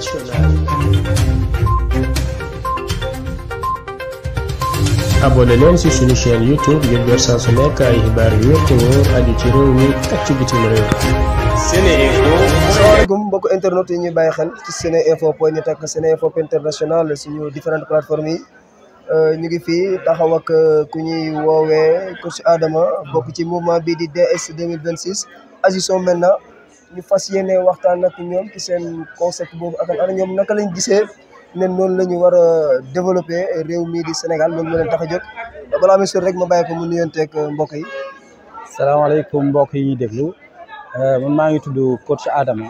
internationale. abonné leen ci suñu chaîne youtube ngir jot saa su xibaar yu wér ci réew mi ak ci réew. SeneInfo. asalaamaaleykum mbokk internet yi ñuy bàyyi xel ci SeneInfo point net ak SeneInfo international suñu différentes plateformes yi. Euh, ñu ngi fi taxaw ak euh, ku ñuy woowee coach Adama bokk ci mouvement bii di DS 2026 agissons maintenant. ñu fas yéene waxtaan nak ñoom ci seen concept boobu ak ana ñoom naka lañ gisee ne noonu la ñu war a développé réew mii di Sénégal loolu moo leen tax a jóg balaa muy sori rek ma bàyyi ko mu nuyonteeg mbokk yi. salaamaaleykum mbokk yi ñuy déglu euh, man maa ngi tudd coach Adama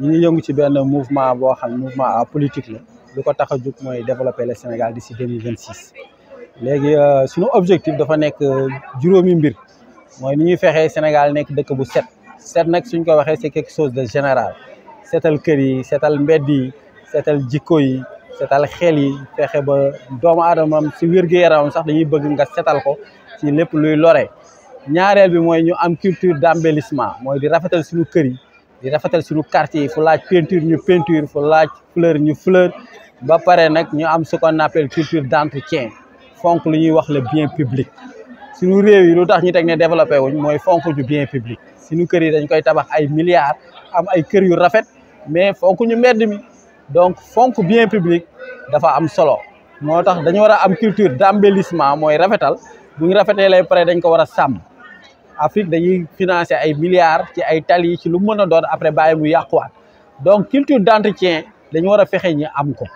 ñu ngi yëngu ci benn mouvement boo xam mouvement à politique la lu ko tax a jóg mooy développer le Sénégal d'ici deux mille vingt six. léegi euh, suñu objectif dafa nekk euh, juróomi mbir mooy ni ñuy fexee Sénégal nekk dëkk bu set. seet nag suñ ko waxee c'est quelque chose de général seetal kër yi seetal mbedd yi seetal jikko yi seetal xel yi fexe ba doomu aadamam si wér-gu-yaramam sax dañuy bëgg nga seetal ko si lépp luy lore ñaareel bi mooy ñu am culture d'embellissement mooy di rafetal suñu kër yi di rafetal suñu quartier yi fu laaj peinture ñu peinture fu laaj fleur ñu fleur ba pare nag ñu am ce qu'on appelle culture d'entretien fonk lu ñuy wax le bien public suñu réew yi lu tax ñu teg ne développé wuñ mooy fonk ju bien public suñu kër yi dañ koy tabax ay milliards am ay kër yu rafet mais fonk ñu mbedd mi donc fonk bien public dafa am solo moo tax dañu war a am culture d'embellissement mooy rafetal bu rafetee lay pare dañ ko war a sàmm Afrique dañuy financé ay milliards ci ay tali ci lu mën a doon après bàyyi mu yàquwaat donc culture d'entretien dañu war a fexe ñu am ko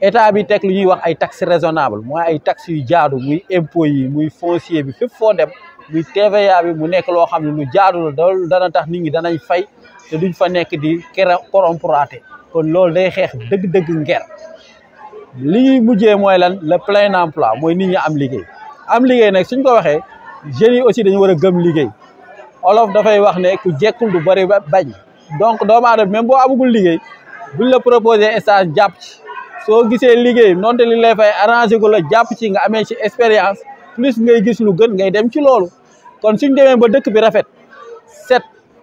état bi teg lu ñuy wax ay taxes raisonnables mooy ay taxes yu jaadu muy impôts yi muy foncier bi fépp foo dem mu TVA bi mu nekk loo xam ne lu jaadul loolu dana tax nit ñi danañ fay te duñ fa nekk di kera koromporaate kon loolu day xeex dëgg-dëgg nger li ñuy mujjee mooy lan le plein emploi mooy nit ñi am liggéey am liggéey nag suñ ko waxee jeunes yi aussi dañu war a gëm liggéey olof dafay wax ne ku jekkul du bëri ba bañ donc doomu aadama même boo amagul liggéey buñ la proposé stage jàpp ci soo gisee liggéey noonte li lay fay arrangé gu la jàpp ci nga amee ci expérience plus ngay gis lu gën ngay dem ci loolu kon suñ demee ba dëkk bi rafet set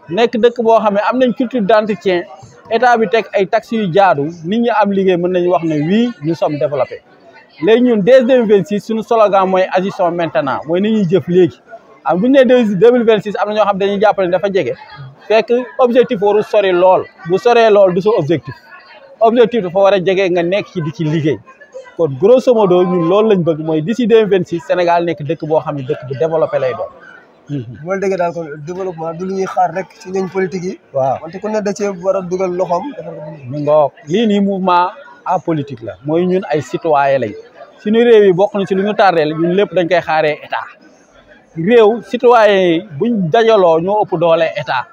nekk dëkk boo xam ne am nañ culture d'entretien état bi teg ay taxes yu jaadu nit ñi am liggéey mën nañu wax ne oui nous sommes développés léegi ñun dès 2026 suñu slogan mooy agissons maintenant mooy ni ñuy jëf léegi am bu ñu nee 2026 am na ñoo xam dañuy jàppale ne dafa jege fekk objectif waru sori lool bu soree lool du sa objectif objectif dafa war a jege nga nekk ci di ci liggéey kon grosso modo ñun loolu lañ bëgg mooy d'ici deux mille vingt six Sénégal nekk dëkk boo xam ne dëkk bu développé lay doon. bu mmh. la déggee daal kon développement du lu ñuy xaar rek ci ñoom politique yi. waaw wante ku ne da war a dugal loxoom. ñu ngoog lii nii mouvement apolitique la mooy ñun ay citoyen lañ suñu réew yi bokk na ci lu ñu tardeel ñun lépp dañ koy xaaree état réew citoyen buñ dajaloo ñoo ëpp doole état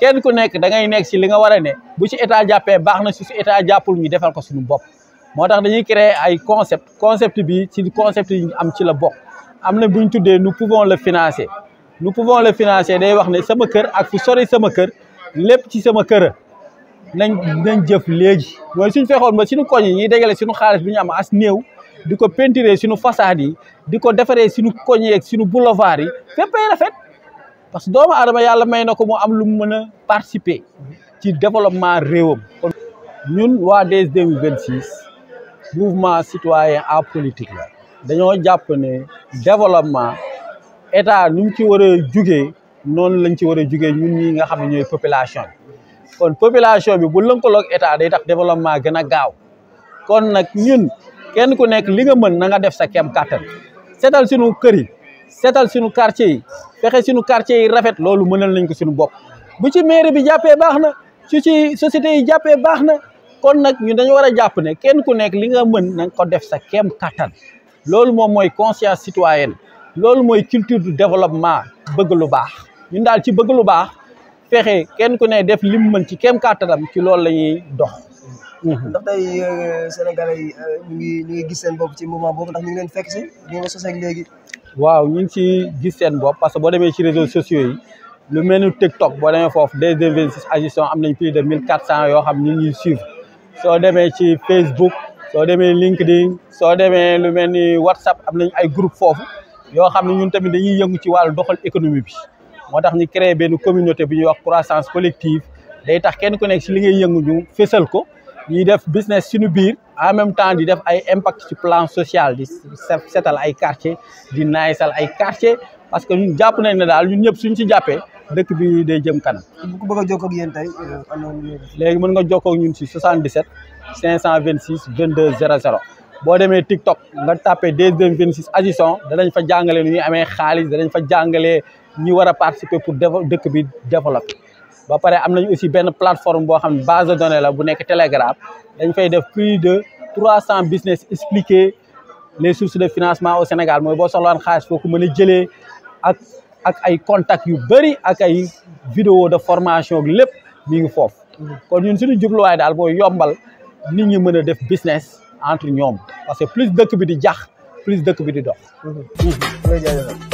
kenn ku nekk da ngay nekk si li nga war ne bu ci état jàppee baax na su si état jàppul ñu defal ko suñu bopp. moo tax dañuy créer ay concept concept bi ci concept yi am ci la bokk am na bu ñu tuddee nu pouvons le financer nous pouvons le financer day wax ne sama kër ak fu sore sama kër lépp ci sama kër nañ nañ jëf léegi mooy suñ fexoon ba suñu koñ yi ñuy dégale suñu xaalis bu ñu am as néew di ko peinturer suñu façade yi di ko defaree suñu koñ yeeg suñu boulevard yi fépp ay rafet parce que doomu aadama yàlla may na ko mu am lu mu mën a participer ci développement réewam ñun waa DSD 2026 mouvement citoyen apolitique la dañoo jàpp ne développement état nu ci war a jugee noonu lañ ci war a jugee ñun ñi nga xam ne ñooy population bi kon population bi bu lëkkaloog état day tax développement gën a gaaw kon nag ñun kenn ku nekk li nga mën na a def sa kem kàttan seetal sunu kër yi seetal sunu quartier yi fexe sunu quartier yi rafet loolu mënal nañ ko sunu bopp bu ci mairie bi jàppee baax na su ci société yi jàppee baax na kon nag ñu dañu war a jàpp ne kenn ku nekk li nga mën na nga ko def sax kéem kattan loolu moom mooy conscience citoyenne loolu mooy culture du développement bëgg lu baax ñun daal ci bëgg lu baax fexe kenn ku ne def lim mën ci kéem kattanam ci loolu lañuy ñuy dox. Mhm. ndax tey euh, sénégalais yi euh, ñu ngi ñu ngi gis seen bopp ci moment boobu leen fekk si ñu ngi sosee léegi. waaw ñu ci gis seen bopp parce que boo demee ci réseaux sociaux yi lu mel ni TikTok boo demee foofu des 26 agissons am nañ plus de 1400 yoo xam ñu ngi ñuy suivre. soo demee ci Facebook soo demee LinkedIn soo demee lu mel ni WhatsApp am nañ ay groupe foofu yoo xam ne ñun tamit dañuy yëngu ci wàllu doxal économie bi moo tax ñu créé benn communauté bi ñuy wax croissance collective day tax kenn ku nekk ci li ngay yëngu ñu fésal ko ñuy def business suñu biir en même temps di def ay impact ci plan social di setal ay quartier di naayisal ay quartier parce que ñun jàpp nañ ne daal ñu ñëpp suñ ci jàppee dëkk bi day jëm kan ku bëgg a jokkoo ak yéen tey. Euh, léegi mën nga jokkoo ak ñun si 77 526 22 00 boo demee TikTok nga tapé 226 Agissons danañ fa jàngale nu amee xaalis danañ fa jàngalee ñu war a participer pour dëkk bi développer. ba pare am nañu aussi benn plateforme boo xam ne base de données la bu nekk Telegram dañ fay def plus de 300 business expliquer les sources de financement au Sénégal mooy boo soxlawaan xaalis foo ko mën a jëlee ak. ak ay contacts yu bëri ak ay vidéo de formation ak lépp mi ngi foofu kon ñun suñu jubluwaay daal mooy yombal ni ñi mën a def business entre ñoom parce que plus dëkk bi di jax plus dëkk bi di dox mm-hmm. Mm-hmm.